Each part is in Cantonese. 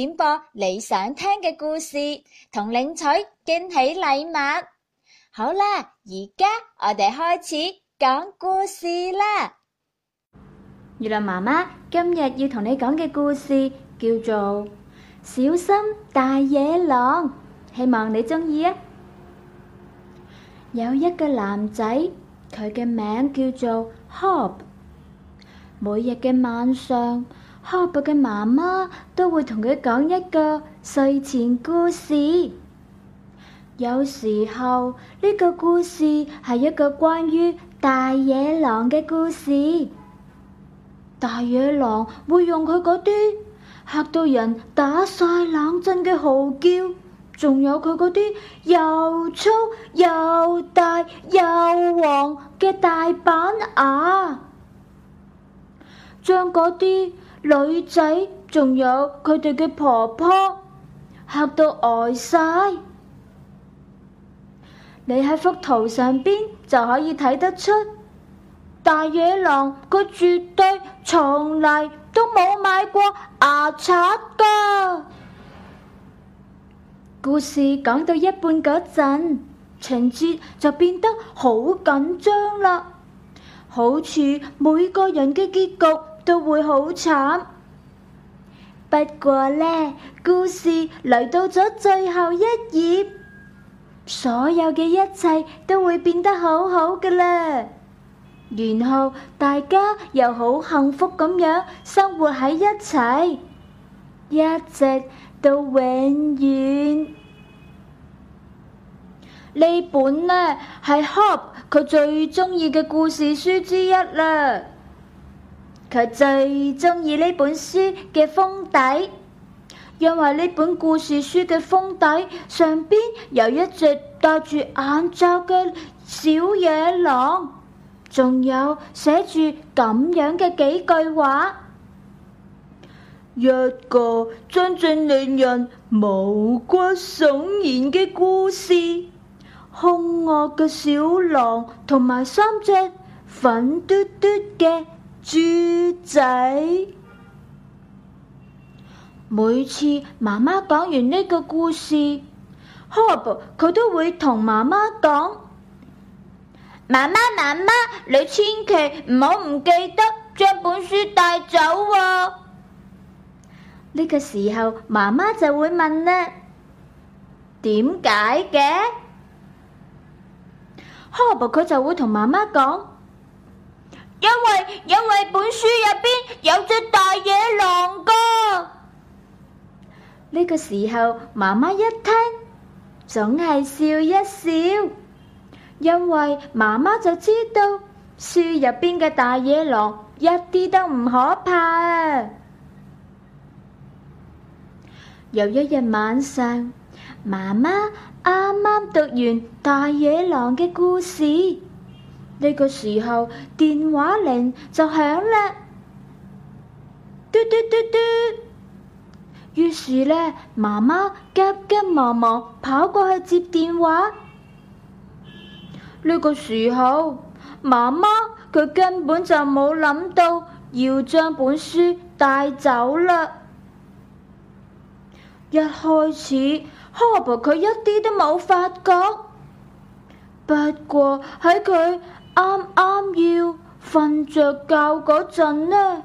點播你想聽嘅故事，同領取驚喜禮物。好啦，而家我哋開始講故事啦。月亮媽媽今日要同你講嘅故事叫做《小心大野狼》，希望你鍾意啊！有一個男仔，佢嘅名叫做 Hop，每日嘅晚上。刻薄嘅媽媽都會同佢講一個睡前故事。有時候，呢個故事係一個關於大野狼嘅故事。大野狼會用佢嗰啲吓到人打晒冷震嘅嚎叫，仲有佢嗰啲又粗又大又黃嘅大板牙，將嗰啲。女仔仲有佢哋嘅婆婆嚇到呆晒，你喺幅圖上邊就可以睇得出，大野狼佢絕對從嚟都冇買過牙刷噶。故事講到一半嗰陣，情節就變得好緊張啦，好似每個人嘅結局。都會好慘。不過呢，故事嚟到咗最後一頁，所有嘅一切都會變得好好噶啦。然後大家又好幸福咁樣生活喺一齊，一直到永遠。呢本呢係 Hope 佢最中意嘅故事書之一啦。佢最中意呢本書嘅封底，因為呢本故事書嘅封底上邊有一隻戴住眼罩嘅小野狼，仲有寫住咁樣嘅幾句話：一個真正令人毛骨悚然嘅故事，兇惡嘅小狼同埋三隻粉嘟嘟嘅豬仔每次媽媽講完呢個故事哈伯佢都會同媽媽講：媽媽媽媽，你千祈唔好唔記得將本書帶走啊。呢個時候，媽媽就會問呢點解嘅？哈伯佢就會同媽媽講。因為因為本書入邊有隻大野狼噶。呢個時候媽媽一聽，總係笑一笑，因為媽媽就知道書入邊嘅大野狼一啲都唔可怕啊！有一日晚上，媽媽啱啱讀完大野狼嘅故事。呢個時候電話鈴就響啦，嘟嘟嘟嘟。於是呢，媽媽急急忙忙跑過去接電話。呢個時候，媽媽佢根本就冇諗到要將本書帶走啦。一開始，哈伯佢一啲都冇發覺。不過喺佢。啱啱要瞓着覺嗰陣呢，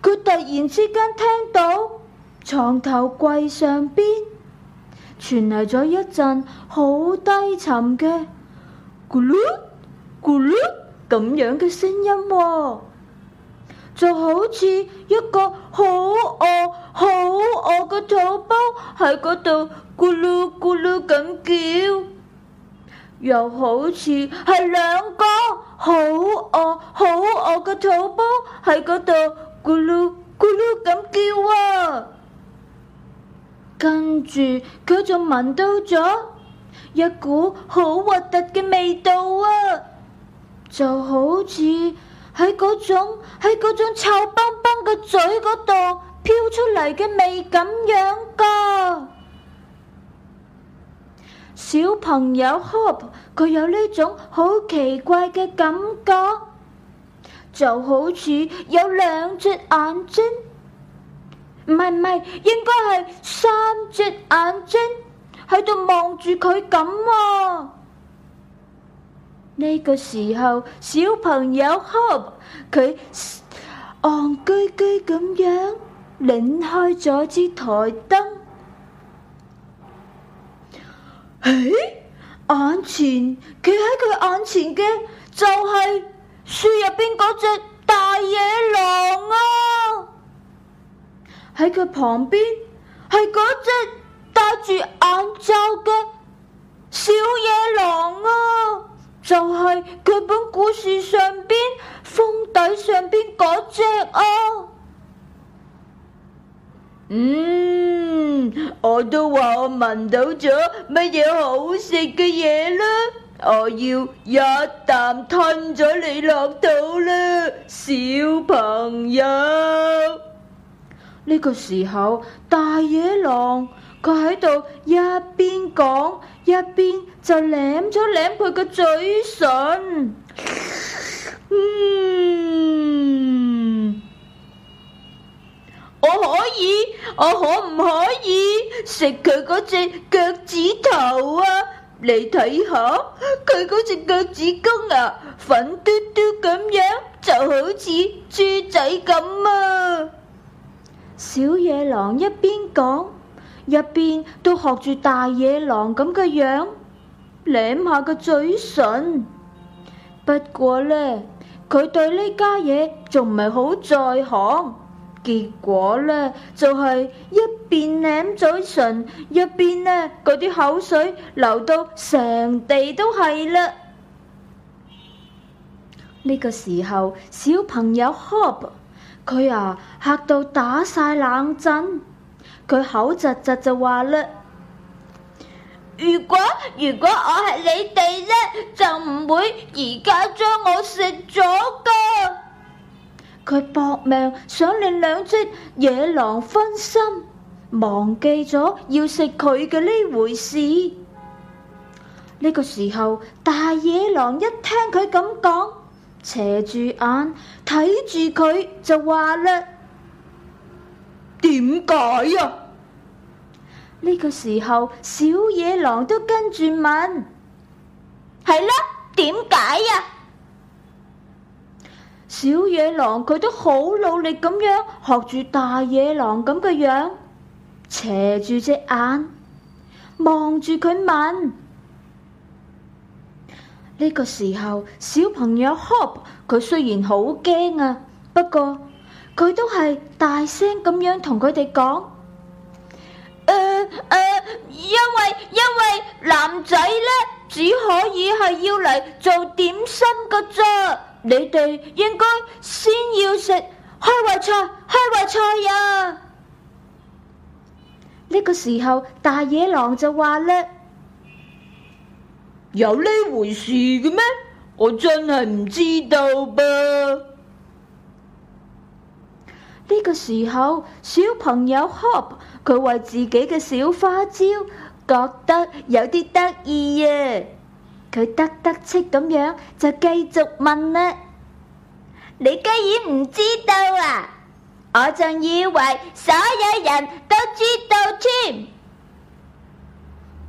佢突然之間聽到床頭櫃上邊傳嚟咗一陣好低沉嘅咕嚕咕嚕咁樣嘅聲音哦，就好似一個好餓好餓嘅肚包喺嗰度咕嚕咕嚕咁叫。又好似係兩個好餓、好餓嘅肚煲喺嗰度咕嚕咕嚕咁叫啊！跟住佢就聞到咗一股好核突嘅味道啊！就好似喺嗰種喺種臭崩崩嘅嘴嗰度飄出嚟嘅味咁樣噶。小朋友 Hope，佢有呢種好奇怪嘅感覺，就好似有兩隻眼睛，唔係唔係，應該係三隻眼睛喺度望住佢咁啊！呢個時候，小朋友 Hope，佢憨居居咁樣擰開咗支台燈。誒，眼前企喺佢眼前嘅，就係書入邊嗰隻大野狼啊！喺佢旁邊係嗰隻戴住眼罩嘅小野狼啊！就係、是、佢本故事上邊封底上邊嗰隻啊！嗯。我都話我聞到咗乜嘢好食嘅嘢啦，我要一啖吞咗你落肚啦，小朋友！呢個時候，大野狼佢喺度一邊講一邊就舐咗舐佢個嘴唇。嗯。我可以，我可唔可以食佢嗰隻腳趾頭啊？你睇下，佢嗰隻腳趾公啊，粉嘟嘟咁樣，就好似豬仔咁啊！小野狼一邊講，一邊都學住大野狼咁嘅樣舐下個嘴唇。不過呢，佢對呢家嘢仲唔係好在行。結果呢，就係、是、一邊舐嘴唇，一邊呢嗰啲口水流到成地都係嘞。呢 個時候，小朋友 Hop，佢啊嚇到打晒冷震，佢口窒窒就話啦： 如果如果我係你哋呢，就唔會而家將我食咗噶。佢搏命想令兩隻野狼分心，忘記咗要食佢嘅呢回事。呢個時候，大野狼一聽佢咁講，斜住眼睇住佢就話啦：，點解啊？呢個時候，小野狼都跟住問：，係啦，點解呀？小野狼佢都好努力咁樣學住大野狼咁嘅樣，斜住隻眼望住佢問。呢個時候，小朋友 Hope 佢雖然好驚啊，不過佢都係大聲咁樣同佢哋講：，誒誒、呃呃，因為因為男仔咧只可以係要嚟做點心噶啫。你哋應該先要食開胃菜，開胃菜呀、啊！呢個時候，大野狼就話啦：有呢回事嘅咩？我真係唔知道噃。呢個時候，小朋友 Hop 佢為自己嘅小花招覺得有啲得意耶。佢得得戚咁樣就繼續問啦，你居然唔知道啊？我仲以為所有人都知道添。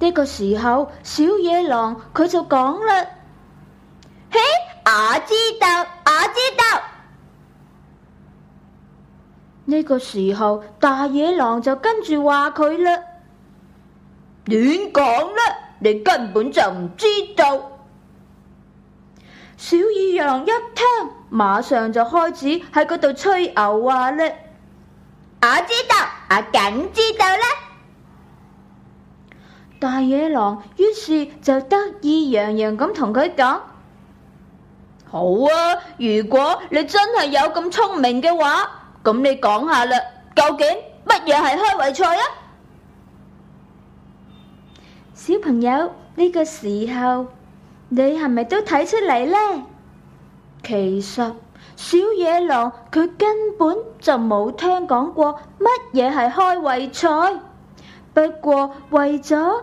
呢個時候，小野狼佢就講啦：嘿，我知道，我知道。呢個時候，大野狼就跟住話佢啦：亂講啦！你根本就唔知道，小二郎一聽，馬上就開始喺嗰度吹牛話咧。我知道，我梗知道啦。大野狼於是就得意洋洋咁同佢講：好啊，如果你真係有咁聰明嘅話，咁你講下啦，究竟乜嘢係開胃菜啊？小朋友呢、呢個時候，你係咪都睇出嚟呢？其實小野狼佢根本就冇聽講過乜嘢係開胃菜，不過為咗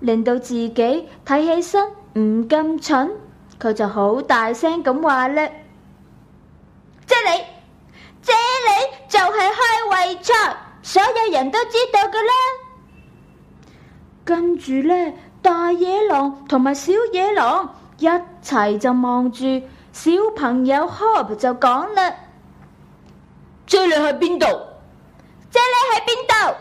令到自己睇起身唔咁蠢，佢就好大聲咁話咧：即你，即你，就係開胃菜，所有人都知道噶啦。跟住呢，大野狼同埋小野狼一齊就望住小朋友 Hop 就講啦：「啫喱喺邊度？啫喱喺邊度？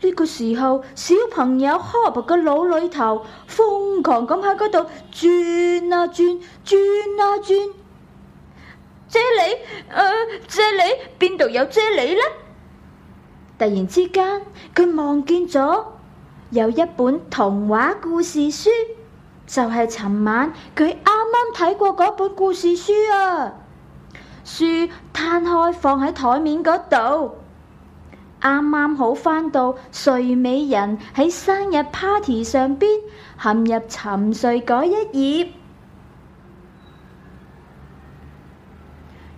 呢個時候，小朋友 Hop 嘅腦裏頭瘋狂咁喺嗰度轉啊轉，轉啊轉。啫喱，呃，啫喱，邊度有啫喱呢？」突然之間，佢望見咗有一本童話故事書，就係、是、尋晚佢啱啱睇過嗰本故事書啊！書攤開放喺台面嗰度，啱啱好翻到睡美人喺生日 party 上邊陷入沉睡嗰一頁。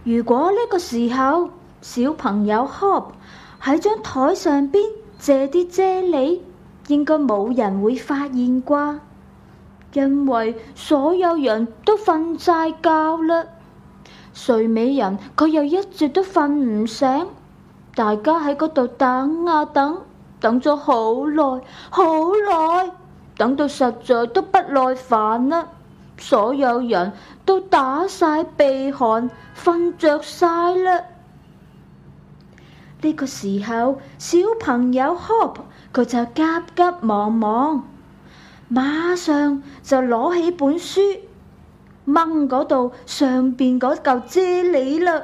如果呢個時候小朋友哭。喺張台上邊借啲啫喱，應該冇人會發現啩，因為所有人都瞓晒覺啦。睡美人佢又一直都瞓唔醒，大家喺嗰度等啊等，等咗好耐好耐，等到實在都不耐煩啦，所有人都打晒鼻鼾，瞓着晒啦。呢個時候，小朋友 hope 佢就急急忙忙，馬上就攞起本書掹嗰度上邊嗰嚿啫喱嘞。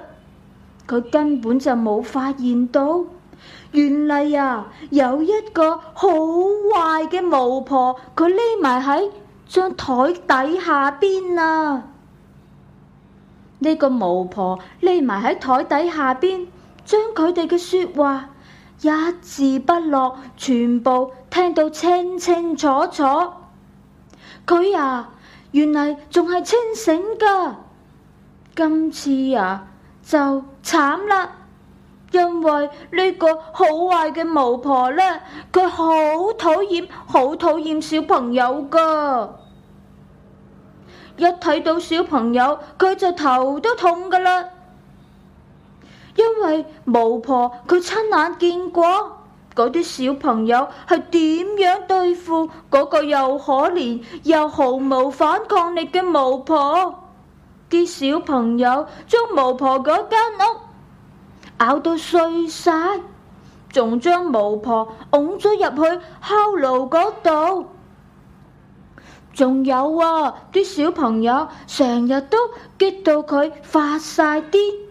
佢根本就冇發現到，原來啊有一個好壞嘅巫婆，佢匿埋喺張台底下邊啊！呢個巫婆匿埋喺台底下邊。將佢哋嘅說話一字不落，全部聽到清清楚楚。佢呀，原嚟仲係清醒噶。今次呀，就慘啦，因為呢個好壞嘅巫婆呢，佢好討厭，好討厭小朋友噶。一睇到小朋友，佢就頭都痛噶啦。因為巫婆佢親眼見過嗰啲小朋友係點樣對付嗰個又可憐又毫無反抗力嘅巫婆，啲小朋友將巫婆嗰間屋咬到碎晒，仲將巫婆拱咗入去烤爐嗰度，仲有啊，啲小朋友成日都激到佢發晒癲。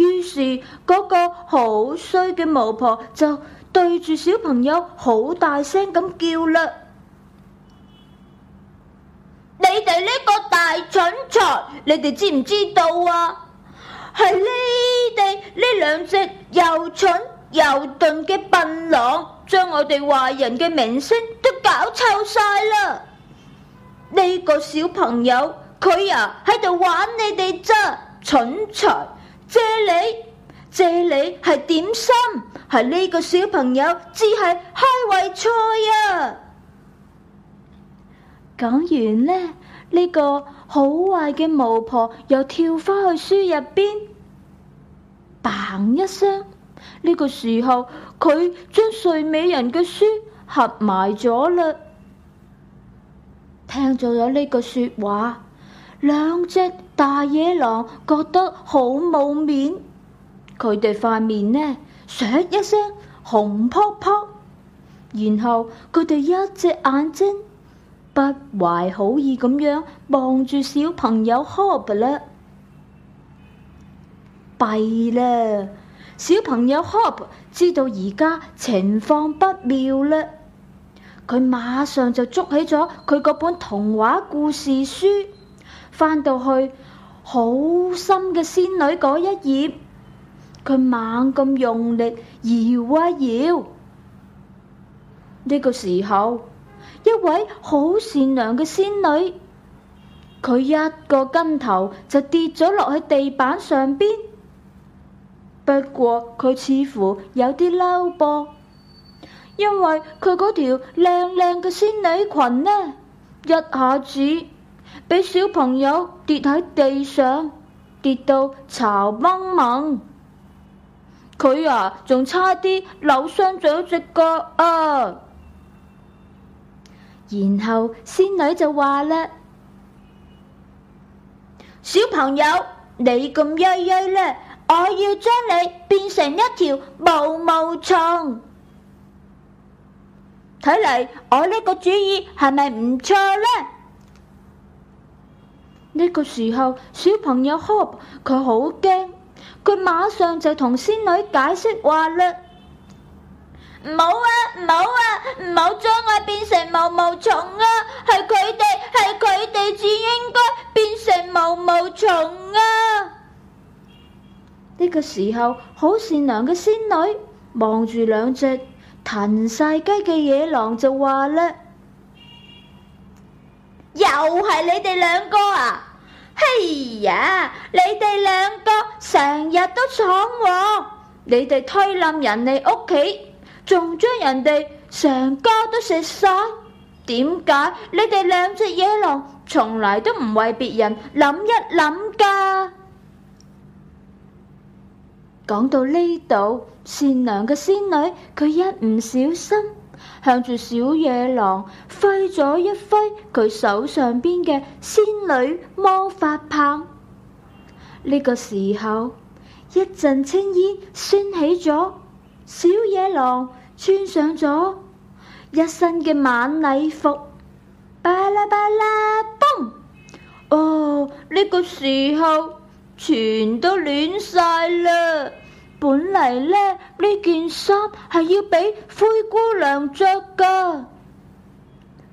於是嗰個好衰嘅巫婆就對住小朋友好大聲咁叫啦！你哋呢個大蠢材，你哋知唔知道啊？係你哋呢兩隻又蠢又鈍嘅笨狼，將我哋壞人嘅名聲都搞臭晒啦！呢個小朋友佢呀喺度玩你哋啫，蠢材！借你，借你係點心，係呢個小朋友只係開胃菜啊！講完呢，呢、這個好壞嘅巫婆又跳翻去書入邊，嘭！一聲，呢、這個時候佢將睡美人嘅書合埋咗嘞。聽咗咗呢句說話。兩隻大野狼覺得好冇面，佢哋塊面呢，嘅一聲紅撲撲，然後佢哋一隻眼睛不懷好意咁樣望住小朋友 Hop 啦，弊啦！小朋友 Hop 知道而家情況不妙啦，佢馬上就捉起咗佢嗰本童話故事書。翻到去好深嘅仙女嗰一頁，佢猛咁用力搖一搖。呢個時候，一位好善良嘅仙女，佢一個跟頭就跌咗落去地板上邊。不過佢似乎有啲嬲噃，因為佢嗰條靚靚嘅仙女裙呢，一下子。俾小朋友跌喺地上，跌到巢崩猛，佢啊仲差啲扭傷咗隻腳啊！然後仙女就話啦：小朋友，你咁曳曳咧，我要將你變成一條毛毛蟲。睇嚟我呢個主意係咪唔錯呢？呢個時候，小朋友哭，佢好驚，佢馬上就同仙女解釋話咧：唔好啊，唔好啊，唔好將我變成毛毛蟲啊！係佢哋，係佢哋至應該變成毛毛蟲啊！呢個時候，好善良嘅仙女望住兩隻騰晒雞嘅野狼就話咧。又係你哋兩個啊！哎呀，你哋兩個成日都闖禍，你哋推冧人哋屋企，仲將人哋成家都食晒。點解你哋兩隻野狼，從來都唔為別人諗一諗噶？講到呢度，善良嘅仙女，佢一唔小心，向住小野狼揮咗一揮佢手上邊嘅仙女魔法棒，呢個時候一陣青煙升起咗，小野狼穿上咗一身嘅晚禮服，巴拉巴拉嘣！哦，呢個時候全都亂晒啦！本嚟咧，呢件衫係要俾灰姑娘着噶。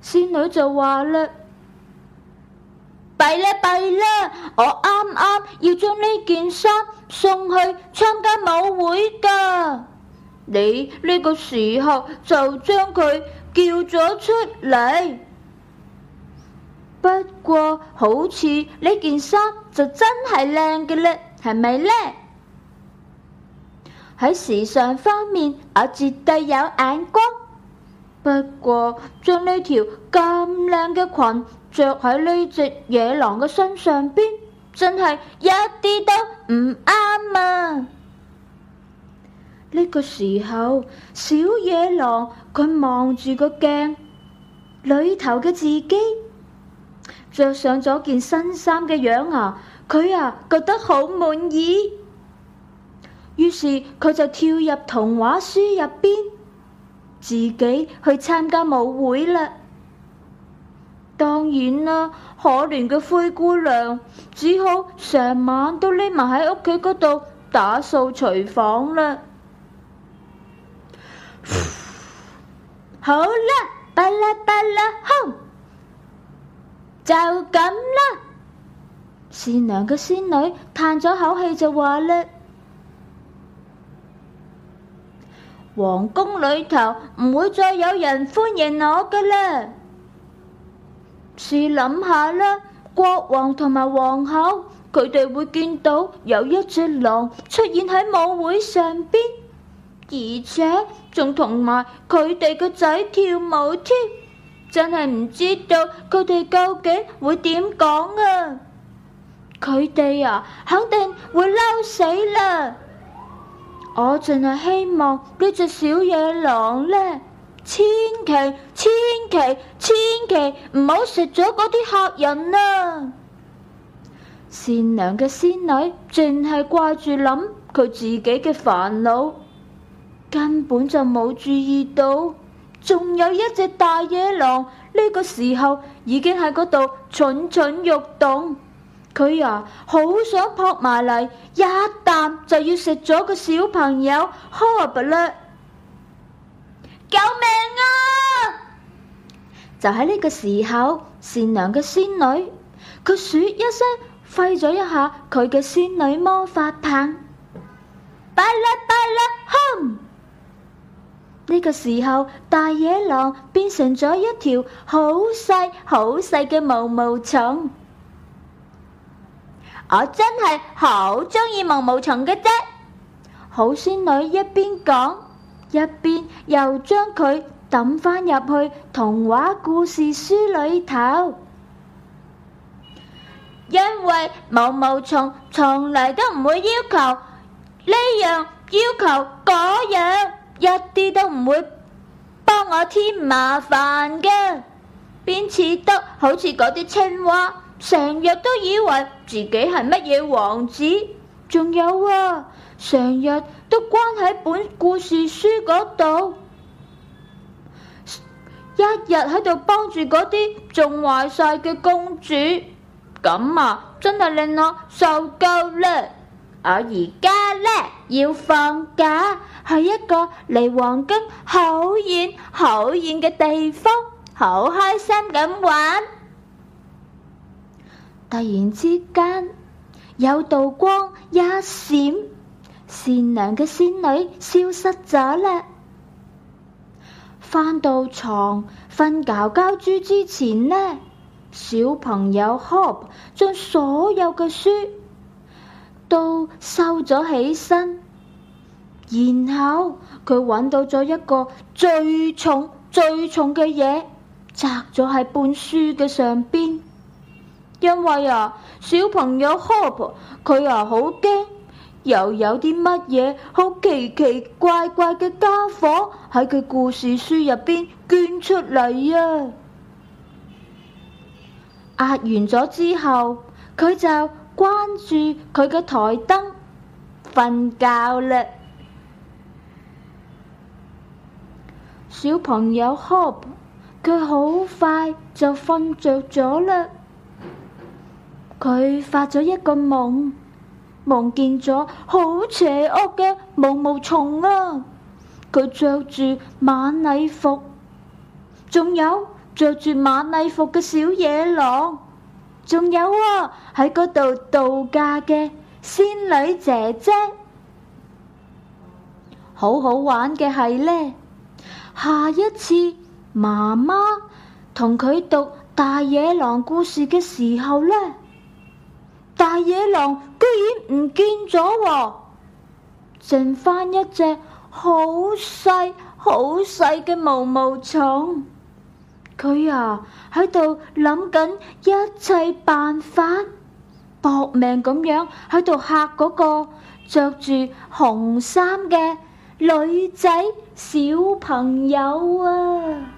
仙女就話啦：弊啦弊啦，我啱啱要將呢件衫送去參加舞會噶。你呢個時候就將佢叫咗出嚟。不過，好似呢件衫就真係靚嘅咧，係咪咧？喺時尚方面，我絕對有眼光。不過將呢條咁靚嘅裙着喺呢隻野狼嘅身上邊，真係一啲都唔啱啊！呢個時候，小野狼佢望住個鏡裏頭嘅自己，着上咗件新衫嘅樣啊，佢啊覺得好滿意。於是佢就跳入童話書入邊，自己去參加舞會啦。當然啦、啊，可憐嘅灰姑娘只好成晚都匿埋喺屋企嗰度打掃廚房啦。 好啦，巴啦巴啦，哼，就咁啦。善良嘅仙女嘆咗口氣就話啦。皇宮裏頭唔會再有人歡迎我㗎喇，試諗下啦，國王同埋皇后，佢哋會見到有一隻狼出現喺舞會上邊，而且仲同埋佢哋個仔跳舞添，真係唔知道佢哋究竟會點講啊！佢哋啊，肯定會嬲死啦！我淨係希望呢隻小野狼呢，千祈千祈千祈唔好食咗嗰啲客人啊！善良嘅仙女淨係掛住諗佢自己嘅煩惱，根本就冇注意到，仲有一隻大野狼呢個時候已經喺嗰度蠢蠢欲動。佢啊，好想撲埋嚟一啖就要食咗個小朋友呵救命啊！就喺呢個時候，善良嘅仙女佢說一聲，揮咗一下佢嘅仙女魔法棒，巴拉巴拉轟！呢個時候，大野狼變成咗一條好細好細嘅毛毛蟲。我真係好中意毛毛蟲嘅啫，好仙女一邊講，一邊又將佢抌翻入去童話故事書裏頭，因為毛毛蟲從來都唔會要求呢樣，要求嗰樣，一啲都唔會幫我添麻煩嘅，邊似得好似嗰啲青蛙，成日都以為自己係乜嘢王子，仲有啊，成日都關喺本故事書嗰度，一日喺度幫住嗰啲仲壞晒嘅公主，咁啊，真係令我受夠啦！我而家呢，要放假，喺一個離皇宮好遠好遠嘅地方，好開心咁玩。突然之間，有道光一閃，善良嘅仙女消失咗啦。返到床瞓覺覺豬之前呢，小朋友 Hop 將所有嘅書都收咗起身，然後佢揾到咗一個最重最重嘅嘢，扎咗喺本書嘅上邊。因為啊，小朋友 Hop 佢啊好驚，又有啲乜嘢好奇奇怪怪嘅家伙喺佢故事書入邊捐出嚟啊！壓完咗之後，佢就關住佢嘅台燈瞓覺啦。小朋友 Hop 佢好快就瞓着咗啦。佢發咗一個夢，夢見咗好邪惡嘅毛毛蟲啊！佢着住晚禮服，仲有着住晚禮服嘅小野狼，仲有啊喺嗰度度假嘅仙女姐姐。好好玩嘅係呢，下一次媽媽同佢讀大野狼故事嘅時候呢。大野狼居然唔見咗，剩翻一隻好細好細嘅毛毛蟲。佢啊喺度諗緊一切辦法，搏命咁樣喺度吓嗰個着住紅衫嘅女仔小朋友啊！